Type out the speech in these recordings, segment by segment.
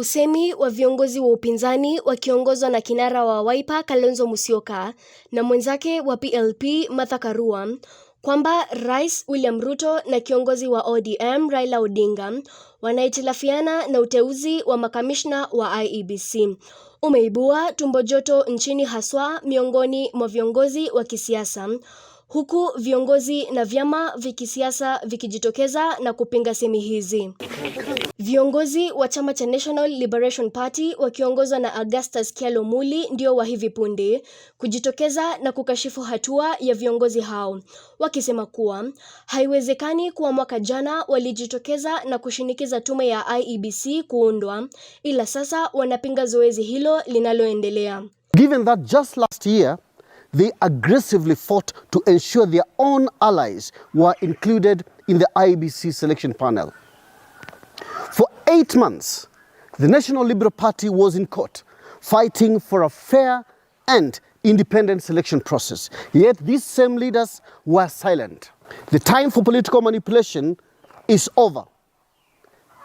Usemi wa viongozi wa upinzani wakiongozwa na kinara wa Wiper Kalonzo Musyoka na mwenzake wa PLP Martha Karua kwamba Rais William Ruto na kiongozi wa ODM Raila Odinga wanahitilafiana na uteuzi wa makamishna wa IEBC umeibua tumbo joto nchini haswa miongoni mwa viongozi wa kisiasa huku viongozi na vyama vya kisiasa vikijitokeza na kupinga semi hizi. Viongozi wa chama cha National Liberation Party wakiongozwa na Augustus Kyalo Muli ndio wa hivi punde kujitokeza na kukashifu hatua ya viongozi hao, wakisema kuwa haiwezekani kuwa mwaka jana walijitokeza na kushinikiza tume ya IEBC kuundwa, ila sasa wanapinga zoezi hilo linaloendelea. Given that just last year they aggressively fought to ensure their own allies were included in the IBC selection panel. For eight months, the National Liberal Party was in court fighting for a fair and independent selection process. Yet these same leaders were silent. The time for political manipulation is over.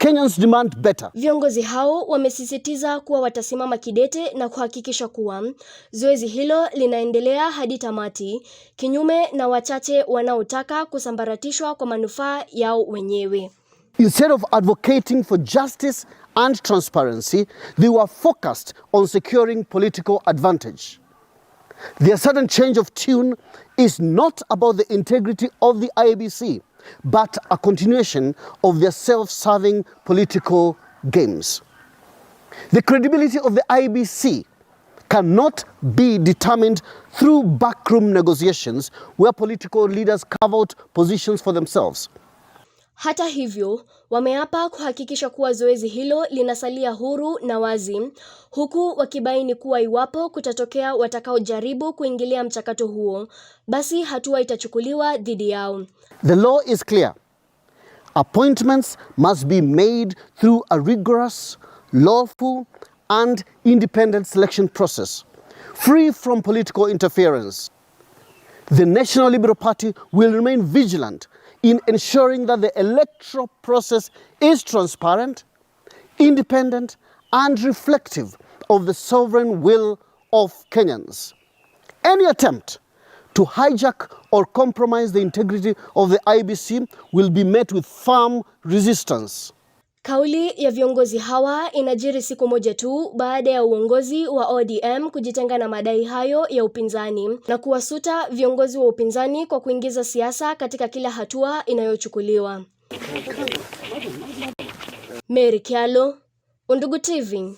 Kenyans demand better. Viongozi hao wamesisitiza kuwa watasimama kidete na kuhakikisha kuwa zoezi hilo linaendelea hadi tamati, kinyume na wachache wanaotaka kusambaratishwa kwa manufaa yao wenyewe. Instead of advocating for justice and transparency, they were focused on securing political advantage. Their sudden change of tune is not about the integrity of the IEBC but a continuation of their self-serving political games. The credibility of the IBC cannot be determined through backroom negotiations where political leaders carve out positions for themselves. Hata hivyo, wameapa kuhakikisha kuwa zoezi hilo linasalia huru na wazi, huku wakibaini kuwa iwapo kutatokea watakaojaribu kuingilia mchakato huo, basi hatua itachukuliwa dhidi yao. The law is clear. Appointments must be made through a rigorous, lawful and independent selection process, free from political interference. The National Liberal Party will remain vigilant in ensuring that the electoral process is transparent, independent, and reflective of the sovereign will of Kenyans. Any attempt to hijack or compromise the integrity of the IBC will be met with firm resistance. Kauli ya viongozi hawa inajiri siku moja tu baada ya uongozi wa ODM kujitenga na madai hayo ya upinzani na kuwasuta viongozi wa upinzani kwa kuingiza siasa katika kila hatua inayochukuliwa. Mary Kyalo, Undugu TV.